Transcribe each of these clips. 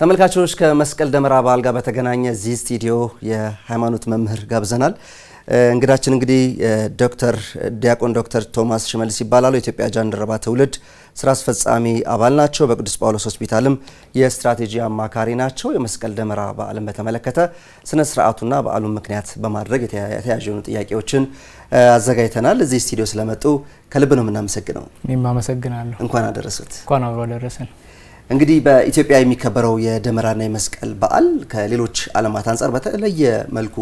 ተመልካቾች ከመስቀል ደመራ በዓል ጋር በተገናኘ እዚህ ስቱዲዮ የሃይማኖት መምህር ጋብዘናል። እንግዳችን እንግዲህ ዶክተር ዲያቆን ዶክተር ቶማስ ሽመልስ ይባላሉ። የኢትዮጵያ ጃንደረባ ትውልድ ስራ አስፈጻሚ አባል ናቸው። በቅዱስ ጳውሎስ ሆስፒታልም የስትራቴጂ አማካሪ ናቸው። የመስቀል ደመራ በዓልን በተመለከተ ስነ ስርዓቱና በዓሉን ምክንያት በማድረግ የተያያዥ ጥያቄዎችን አዘጋጅተናል። እዚህ ስቱዲዮ ስለመጡ ከልብ ነው የምናመሰግነው። እኔም አመሰግናለሁ። እንኳን አደረሱት። እንኳን አብሮ አደረሰን። እንግዲህ በኢትዮጵያ የሚከበረው የደመራና የመስቀል በዓል ከሌሎች ዓለማት አንጻር በተለየ መልኩ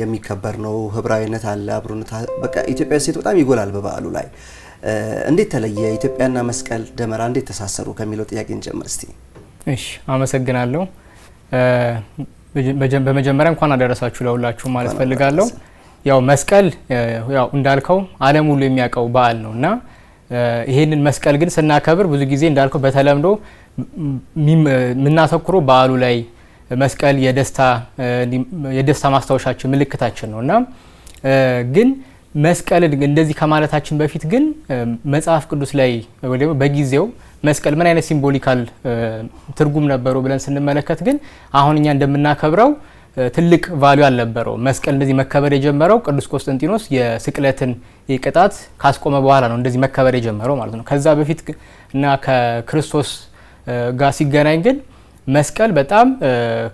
የሚከበር ነው። ህብራዊነት አለ፣ አብሮነት በቃ ኢትዮጵያ ሴት በጣም ይጎላል በበዓሉ ላይ። እንዴት ተለየ? ኢትዮጵያና መስቀል ደመራ እንዴት ተሳሰሩ ከሚለው ጥያቄ እንጀምር እስቲ። እሺ፣ አመሰግናለሁ። በመጀመሪያ እንኳን አደረሳችሁ ለሁላችሁ ማለት ፈልጋለሁ። ያው መስቀል ያው እንዳልከው ዓለም ሁሉ የሚያውቀው በዓል ነው እና ይሄንን መስቀል ግን ስናከብር ብዙ ጊዜ እንዳልከው በተለምዶ የምናተኩረው በዓሉ ላይ መስቀል የደስታ ማስታወሻችን ምልክታችን ነው እና ግን መስቀልን እንደዚህ ከማለታችን በፊት ግን መጽሐፍ ቅዱስ ላይ ወይ በጊዜው መስቀል ምን አይነት ሲምቦሊካል ትርጉም ነበረው ብለን ስንመለከት ግን አሁን እኛ እንደምናከብረው ትልቅ ቫሊዩ አልነበረው። መስቀል እንደዚህ መከበር የጀመረው ቅዱስ ቆስጠንጢኖስ የስቅለትን ቅጣት ካስቆመ በኋላ ነው እንደዚህ መከበር የጀመረው ማለት ነው። ከዛ በፊት እና ከክርስቶስ ጋር ሲገናኝ ግን መስቀል በጣም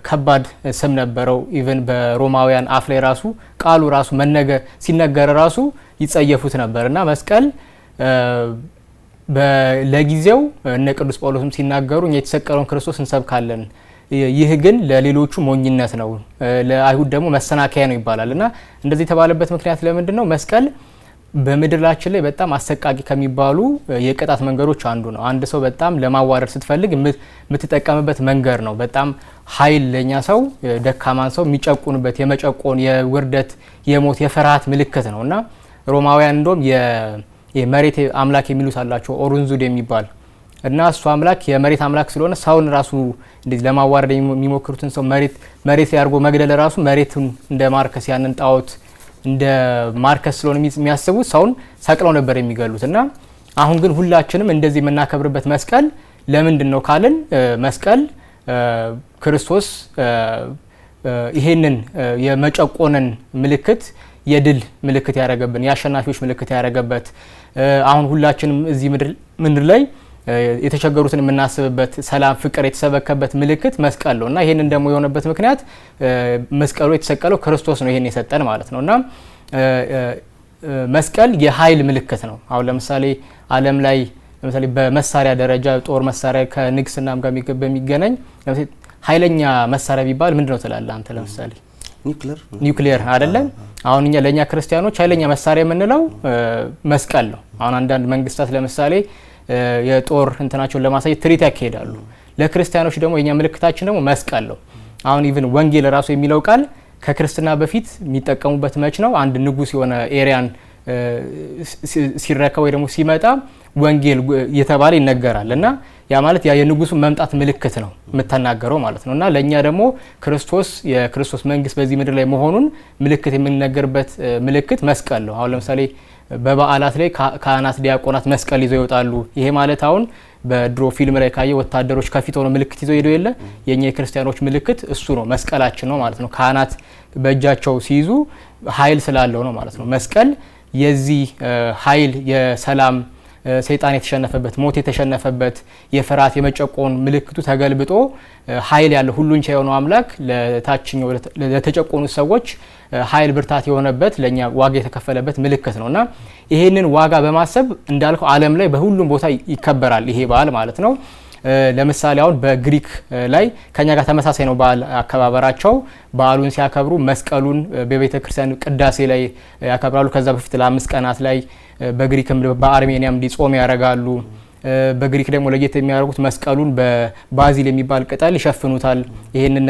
ከባድ ስም ነበረው። ኢቨን በሮማውያን አፍ ላይ ራሱ ቃሉ ራሱ መነገ ሲነገር ራሱ ይጸየፉት ነበር እና መስቀል ለጊዜው እነ ቅዱስ ጳውሎስም ሲናገሩ እኛ የተሰቀለውን ክርስቶስ እንሰብካለን ይህ ግን ለሌሎቹ ሞኝነት ነው፣ ለአይሁድ ደግሞ መሰናከያ ነው ይባላል እና እንደዚህ የተባለበት ምክንያት ለምንድን ነው? መስቀል በምድራችን ላይ በጣም አሰቃቂ ከሚባሉ የቅጣት መንገዶች አንዱ ነው። አንድ ሰው በጣም ለማዋረድ ስትፈልግ የምትጠቀምበት መንገድ ነው። በጣም ኃይል ለኛ ሰው ደካማን ሰው የሚጨቁንበት የመጨቆን፣ የውርደት፣ የሞት፣ የፍርሃት ምልክት ነው እና ሮማውያን እንደም የመሬት አምላክ የሚሉት አላቸው ኦሩንዙድ የሚባል እና እሱ አምላክ የመሬት አምላክ ስለሆነ ሰውን ራሱ እንደዚህ ለማዋረድ የሚሞክሩትን ሰው መሬት መሬት ላይ አድርጎ መግደል ራሱ መሬቱን እንደ ማርከስ ያንን ጣዖት እንደ ማርከስ ስለሆነ የሚያስቡት ሰውን ሰቅለው ነበር የሚገሉት። እና አሁን ግን ሁላችንም እንደዚህ የምናከብርበት መስቀል ለምንድን ነው ካልን መስቀል ክርስቶስ ይሄንን የመጨቆንን ምልክት የድል ምልክት ያደረገብን የአሸናፊዎች ምልክት ያደረገበት አሁን ሁላችንም እዚህ ምድር ላይ የተቸገሩትን የምናስብበት ሰላም፣ ፍቅር የተሰበከበት ምልክት መስቀል ነው እና ይህንን ደግሞ የሆነበት ምክንያት መስቀሉ የተሰቀለው ክርስቶስ ነው፣ ይህን የሰጠን ማለት ነው እና መስቀል የኃይል ምልክት ነው። አሁን ለምሳሌ ዓለም ላይ ለምሳሌ በመሳሪያ ደረጃ ጦር መሳሪያ ከንግስናም ጋር በሚገናኝ ኃይለኛ መሳሪያ ቢባል ምንድን ነው ትላለህ አንተ? ለምሳሌ ኒውክሊየር አይደለም። አሁን እኛ ለእኛ ክርስቲያኖች ኃይለኛ መሳሪያ የምንለው መስቀል ነው። አሁን አንዳንድ መንግስታት ለምሳሌ የጦር እንትናቸውን ለማሳየት ትርኢት ያካሄዳሉ። ለክርስቲያኖች ደግሞ የኛ ምልክታችን ደግሞ መስቀል ነው። አሁን ኢቭን ወንጌል ራሱ የሚለው ቃል ከክርስትና በፊት የሚጠቀሙበት መች ነው አንድ ንጉስ የሆነ ኤሪያን ሲረከብ ወይ ደግሞ ሲመጣ ወንጌል የተባለ ይነገራል እና ያ ማለት ያ የንጉሱ መምጣት ምልክት ነው የምትናገረው ማለት ነው እና ለእኛ ደግሞ ክርስቶስ የክርስቶስ መንግስት በዚህ ምድር ላይ መሆኑን ምልክት የምንነገርበት ምልክት መስቀል ነው። አሁን ለምሳሌ በበዓላት ላይ ካህናት፣ ዲያቆናት መስቀል ይዘው ይወጣሉ። ይሄ ማለት አሁን በድሮ ፊልም ላይ ካየ ወታደሮች ከፊት ሆነው ምልክት ይዘው ሄደው የለ የእኛ የክርስቲያኖች ምልክት እሱ ነው፣ መስቀላችን ነው ማለት ነው። ካህናት በእጃቸው ሲይዙ ኃይል ስላለው ነው ማለት ነው። መስቀል የዚህ ኃይል የሰላም ሰይጣን የተሸነፈበት ሞት የተሸነፈበት የፍርሃት የመጨቆን ምልክቱ ተገልብጦ ኃይል ያለው ሁሉን ቻይ የሆነው አምላክ ለታችኛው ለተጨቆኑት ሰዎች ኃይል ብርታት የሆነበት ለእኛ ዋጋ የተከፈለበት ምልክት ነው እና ይህንን ዋጋ በማሰብ እንዳልከው ዓለም ላይ በሁሉም ቦታ ይከበራል ይሄ በዓል ማለት ነው። ለምሳሌ አሁን በግሪክ ላይ ከኛ ጋር ተመሳሳይ ነው በዓል አከባበራቸው። በዓሉን ሲያከብሩ መስቀሉን በቤተ ክርስቲያን ቅዳሴ ላይ ያከብራሉ። ከዛ በፊት ለአምስት ቀናት ላይ በግሪክም በአርሜኒያም ሊጾም ያደርጋሉ። በግሪክ ደግሞ ለየት የሚያደርጉት መስቀሉን በባዚል የሚባል ቅጠል ይሸፍኑታል። ይህንን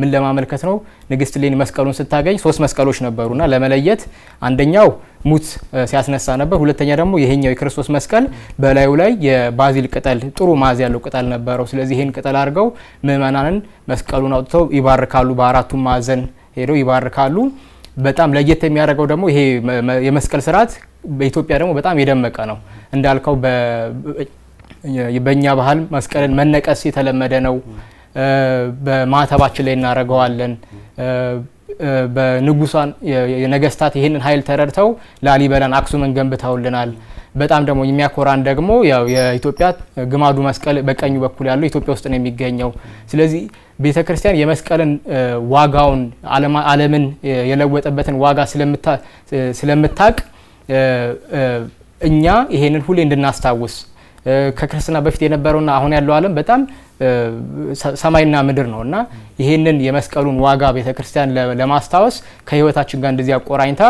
ምን ለማመልከት ነው? ንግስት እሌኒ መስቀሉን ስታገኝ ሶስት መስቀሎች ነበሩና ለመለየት አንደኛው ሙት ሲያስነሳ ነበር። ሁለተኛ ደግሞ ይሄኛው የክርስቶስ መስቀል በላዩ ላይ የባዚል ቅጠል ጥሩ ማዝ ያለው ቅጠል ነበረው። ስለዚህ ይህን ቅጠል አድርገው ምእመናንን መስቀሉን አውጥተው ይባርካሉ። በአራቱም ማዕዘን ሄደው ይባርካሉ። በጣም ለየት የሚያደርገው ደግሞ ይሄ የመስቀል ስርዓት በኢትዮጵያ ደግሞ በጣም የደመቀ ነው እንዳልከው በእኛ ባህል መስቀልን መነቀስ የተለመደ ነው። በማተባችን ላይ እናደርገዋለን። በንጉሷን ነገስታት ይህንን ኃይል ተረድተው ላሊበላን አክሱምን ገንብተውልናል። በጣም ደግሞ የሚያኮራን ደግሞ ያው የኢትዮጵያ ግማዱ መስቀል በቀኙ በኩል ያለው ኢትዮጵያ ውስጥ ነው የሚገኘው። ስለዚህ ቤተ ክርስቲያን የመስቀልን ዋጋውን ዓለምን የለወጠበትን ዋጋ ስለምታቅ እኛ ይሄንን ሁሌ እንድናስታውስ ከክርስትና በፊት የነበረውና አሁን ያለው ዓለም በጣም ሰማይና ምድር ነው እና ይህንን የመስቀሉን ዋጋ ቤተ ክርስቲያን ለማስታወስ ከህይወታችን ጋር እንደዚህ አቆራኝታ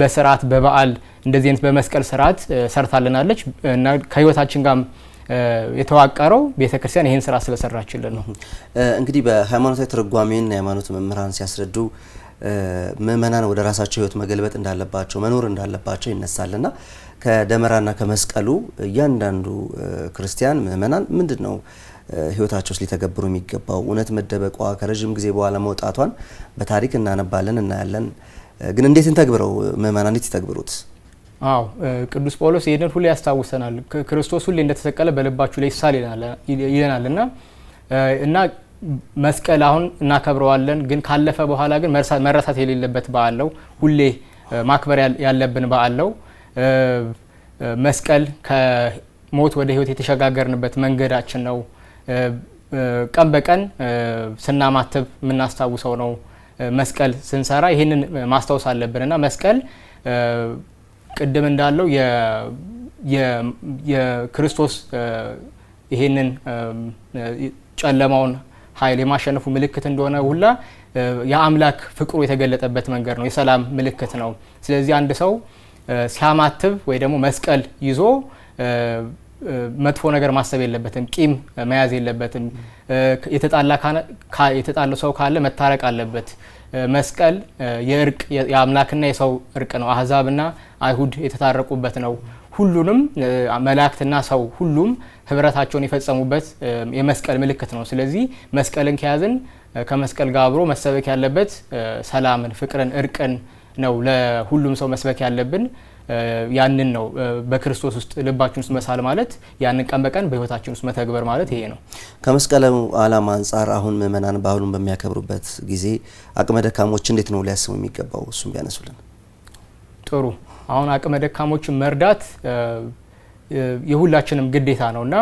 በስርዓት በበዓል እንደዚህ አይነት በመስቀል ስርዓት ሰርታልናለች እና ከህይወታችን ጋር የተዋቀረው ቤተ ክርስቲያን ይህን ስራ ስለሰራችልን ነው። እንግዲህ በሃይማኖታዊ ትርጓሜን የሃይማኖት መምህራን ሲያስረዱ ምእመናን ወደ ራሳቸው ህይወት መገልበጥ እንዳለባቸው መኖር እንዳለባቸው ይነሳልና ከደመራና ከመስቀሉ እያንዳንዱ ክርስቲያን ምእመናን ምንድን ነው ህይወታቸው ውስጥ ሊተገብሩ የሚገባው እውነት መደበቋ ከረዥም ጊዜ በኋላ መውጣቷን በታሪክ እናነባለን፣ እናያለን። ግን እንዴት እንተግብረው? ምእመናን እንዴት ይተግብሩት? አዎ ቅዱስ ጳውሎስ ይህንን ሁሌ ያስታውሰናል። ክርስቶስ ሁሌ እንደተሰቀለ በልባችሁ ላይ ይሳል ይለናል እና እና መስቀል አሁን እናከብረዋለን፣ ግን ካለፈ በኋላ ግን መረሳት የሌለበት በዓል ነው። ሁሌ ማክበር ያለብን በዓል ነው። መስቀል ከሞት ወደ ህይወት የተሸጋገርንበት መንገዳችን ነው። ቀን በቀን ስናማትብ የምናስታውሰው ነው። መስቀል ስንሰራ ይህንን ማስታወስ አለብን እና መስቀል ቅድም እንዳለው የክርስቶስ ይህንን ጨለማውን ኃይል የማሸነፉ ምልክት እንደሆነ ሁላ የአምላክ ፍቅሩ የተገለጠበት መንገድ ነው። የሰላም ምልክት ነው። ስለዚህ አንድ ሰው ሲያማትብ ወይ ደግሞ መስቀል ይዞ መጥፎ ነገር ማሰብ የለበትም፣ ቂም መያዝ የለበትም። የተጣለ ሰው ካለ መታረቅ አለበት። መስቀል የእርቅ የአምላክና የሰው እርቅ ነው። አህዛብና አይሁድ የተታረቁበት ነው። ሁሉንም መላእክትና ሰው ሁሉም ህብረታቸውን የፈጸሙበት የመስቀል ምልክት ነው። ስለዚህ መስቀልን ከያዝን ከመስቀል ጋር አብሮ መሰበክ ያለበት ሰላምን፣ ፍቅርን፣ እርቅን ነው ለሁሉም ሰው መስበክ ያለብን። ያንን ነው በክርስቶስ ውስጥ ልባችን ውስጥ መሳል ማለት ያንን ቀን በቀን በህይወታችን ውስጥ መተግበር ማለት ይሄ ነው። ከመስቀሉ ዓላማ አንጻር አሁን ምእመናን ባህሉን በሚያከብሩበት ጊዜ አቅመ ደካሞች እንዴት ነው ሊያስቡ የሚገባው? እሱም ቢያነሱልን ጥሩ። አሁን አቅመ ደካሞችን መርዳት የሁላችንም ግዴታ እና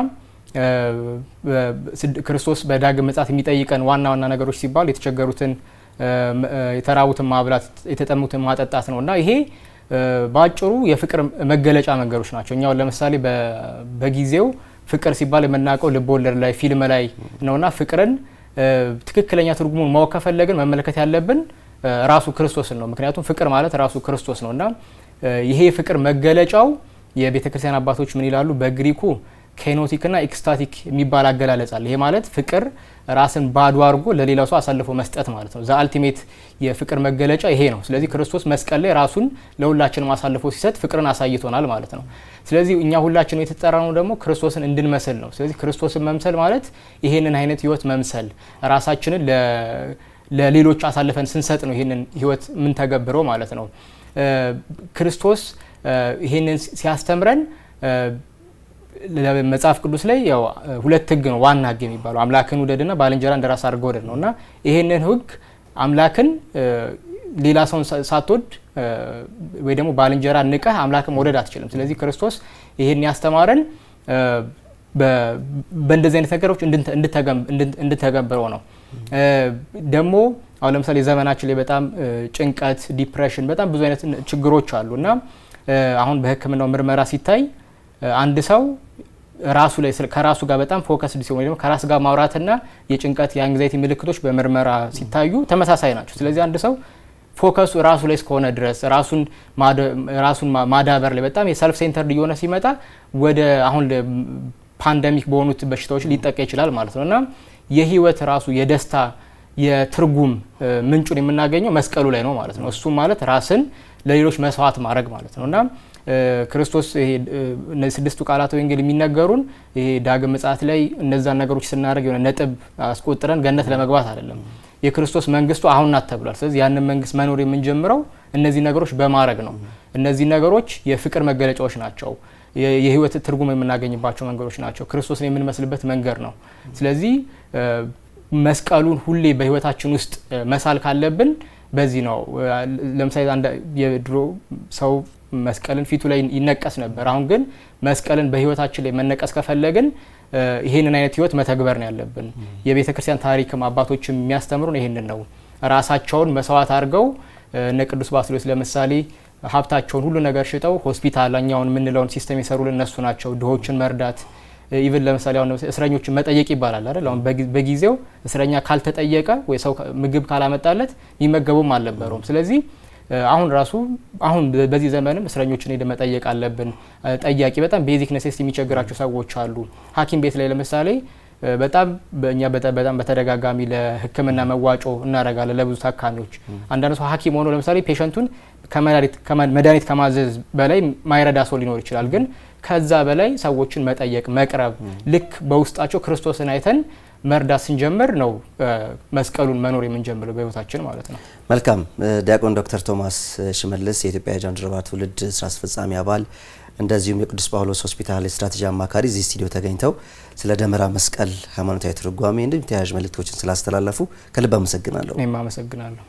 ክርስቶስ በዳግም ምጽአት የሚጠይቀን ዋና ዋና ነገሮች ሲባል የተቸገሩትን የተራቡትን ማብላት፣ የተጠሙትን ማጠጣት እና ይሄ በአጭሩ የፍቅር መገለጫ መንገዶች ናቸው። እኛው ለምሳሌ በጊዜው ፍቅር ሲባል የምናውቀው ልብ ወለድ ላይ ፊልም ላይ ነውና ፍቅርን ትክክለኛ ትርጉሙን ማወቅ ከፈለግን መመልከት ያለብን ራሱ ክርስቶስን ነው። ምክንያቱም ፍቅር ማለት ራሱ ክርስቶስ ነው እና ይሄ የፍቅር መገለጫው የቤተ ክርስቲያን አባቶች ምን ይላሉ በግሪኩ ኬኖቲክና ኤክስታቲክ የሚባል አገላለጽ አለ። ይሄ ማለት ፍቅር ራስን ባዶ አድርጎ ለሌላው ሰው አሳልፎ መስጠት ማለት ነው። ዘአልቲሜት የፍቅር መገለጫ ይሄ ነው። ስለዚህ ክርስቶስ መስቀል ላይ ራሱን ለሁላችንም አሳልፎ ሲሰጥ ፍቅርን አሳይቶናል ማለት ነው። ስለዚህ እኛ ሁላችን የተጠራ ነው ደግሞ ክርስቶስን እንድንመስል ነው። ስለዚህ ክርስቶስን መምሰል ማለት ይሄንን አይነት ህይወት መምሰል ራሳችንን ለሌሎች አሳልፈን ስንሰጥ ነው ይህንን ህይወት የምንተገብረው ማለት ነው። ክርስቶስ ይህንን ሲያስተምረን መጽሐፍ ቅዱስ ላይ ያው ሁለት ህግ ነው ዋና ህግ የሚባለው አምላክን ውደድና ባልንጀራ እንደ ራስ አድርገህ ውደድ ነው እና ይሄንን ህግ አምላክን ሌላ ሰውን ሳትወድ ወይ ደግሞ ባልንጀራ ንቀህ አምላክን መውደድ አትችልም። ስለዚህ ክርስቶስ ይሄን ያስተማረን በእንደዚህ አይነት ነገሮች እንድተገብረው ነው። ደግሞ አሁን ለምሳሌ ዘመናችን ላይ በጣም ጭንቀት፣ ዲፕሬሽን፣ በጣም ብዙ አይነት ችግሮች አሉ እና አሁን በህክምናው ምርመራ ሲታይ አንድ ሰው ራሱ ላይ ከራሱ ጋር በጣም ፎከስድ ሲሆን ደግሞ ከራስ ጋር ማውራትና የጭንቀት የአንግዛይቲ ምልክቶች በምርመራ ሲታዩ ተመሳሳይ ናቸው። ስለዚህ አንድ ሰው ፎከሱ ራሱ ላይ እስከሆነ ድረስ ራሱን ማዳበር ላይ በጣም የሰልፍ ሴንተርድ እየሆነ ሲመጣ ወደ አሁን ፓንደሚክ በሆኑት በሽታዎች ሊጠቃ ይችላል ማለት ነው እና የህይወት ራሱ የደስታ የትርጉም ምንጩን የምናገኘው መስቀሉ ላይ ነው ማለት ነው። እሱም ማለት ራስን ለሌሎች መስዋዕት ማድረግ ማለት ነው እና ክርስቶስ ስድስቱ ቃላት ወንጌል የሚነገሩን ይሄ ዳግም ምጽአት ላይ እነዛን ነገሮች ስናደርግ የሆነ ነጥብ አስቆጥረን ገነት ለመግባት አይደለም። የክርስቶስ መንግስቱ አሁን ናት ተብሏል። ስለዚህ ያንን መንግስት መኖር የምንጀምረው እነዚህ ነገሮች በማድረግ ነው። እነዚህ ነገሮች የፍቅር መገለጫዎች ናቸው። የህይወት ትርጉም የምናገኝባቸው መንገዶች ናቸው። ክርስቶስን የምንመስልበት መንገድ ነው። ስለዚህ መስቀሉን ሁሌ በህይወታችን ውስጥ መሳል ካለብን በዚህ ነው። ለምሳሌ አንድ የድሮ ሰው መስቀልን ፊቱ ላይ ይነቀስ ነበር። አሁን ግን መስቀልን በህይወታችን ላይ መነቀስ ከፈለግን ይህንን አይነት ህይወት መተግበር ነው ያለብን። የቤተ ክርስቲያን ታሪክም አባቶችም የሚያስተምሩን ይህንን ነው። ራሳቸውን መስዋዕት አድርገው እነ ቅዱስ ባስልዮስ ለምሳሌ ሀብታቸውን ሁሉ ነገር ሽጠው ሆስፒታል እኛውን የምንለውን ሲስተም የሰሩልን እነሱ ናቸው። ድሆችን መርዳት ኢቨን eh, ለምሳሌ አሁን እስረኞችን መጠየቅ ይባላል አይደል? አሁን በጊዜው እስረኛ ካልተጠየቀ ወይ ሰው ምግብ ካላመጣለት ይመገቡም አልነበረውም። ስለዚህ አሁን ራሱ አሁን በዚህ ዘመንም እስረኞችን ሄደ መጠየቅ አለብን። ጠያቂ በጣም ቤዚክ ነሴስ የሚቸግራቸው ሰዎች አሉ። ሐኪም ቤት ላይ ለምሳሌ በጣም በእኛ በጣም በተደጋጋሚ ለሕክምና መዋጮ እናደርጋለን ለብዙ ታካሚዎች። አንዳንድ ሰው ሐኪም ሆኖ ለምሳሌ ፔሸንቱን ከመድኃኒት ከማዘዝ በላይ ማይረዳ ሰው ሊኖር ይችላል ግን ከዛ በላይ ሰዎችን መጠየቅ፣ መቅረብ ልክ በውስጣቸው ክርስቶስን አይተን መርዳት ስንጀምር ነው መስቀሉን መኖር የምንጀምረው በህይወታችን ማለት ነው። መልካም ዲያቆን ዶክተር ቶማስ ሽመልስ የኢትዮጵያ የጃንደረባ ትውልድ ስራ አስፈጻሚ አባል እንደዚሁም የቅዱስ ጳውሎስ ሆስፒታል የስትራቴጂ አማካሪ እዚህ ስቱዲዮ ተገኝተው ስለ ደመራ መስቀል ሃይማኖታዊ ትርጓሜ እንዲሁም ተያያዥ መልእክቶችን ስላስተላለፉ ከልብ አመሰግናለሁ። እኔም አመሰግናለሁ።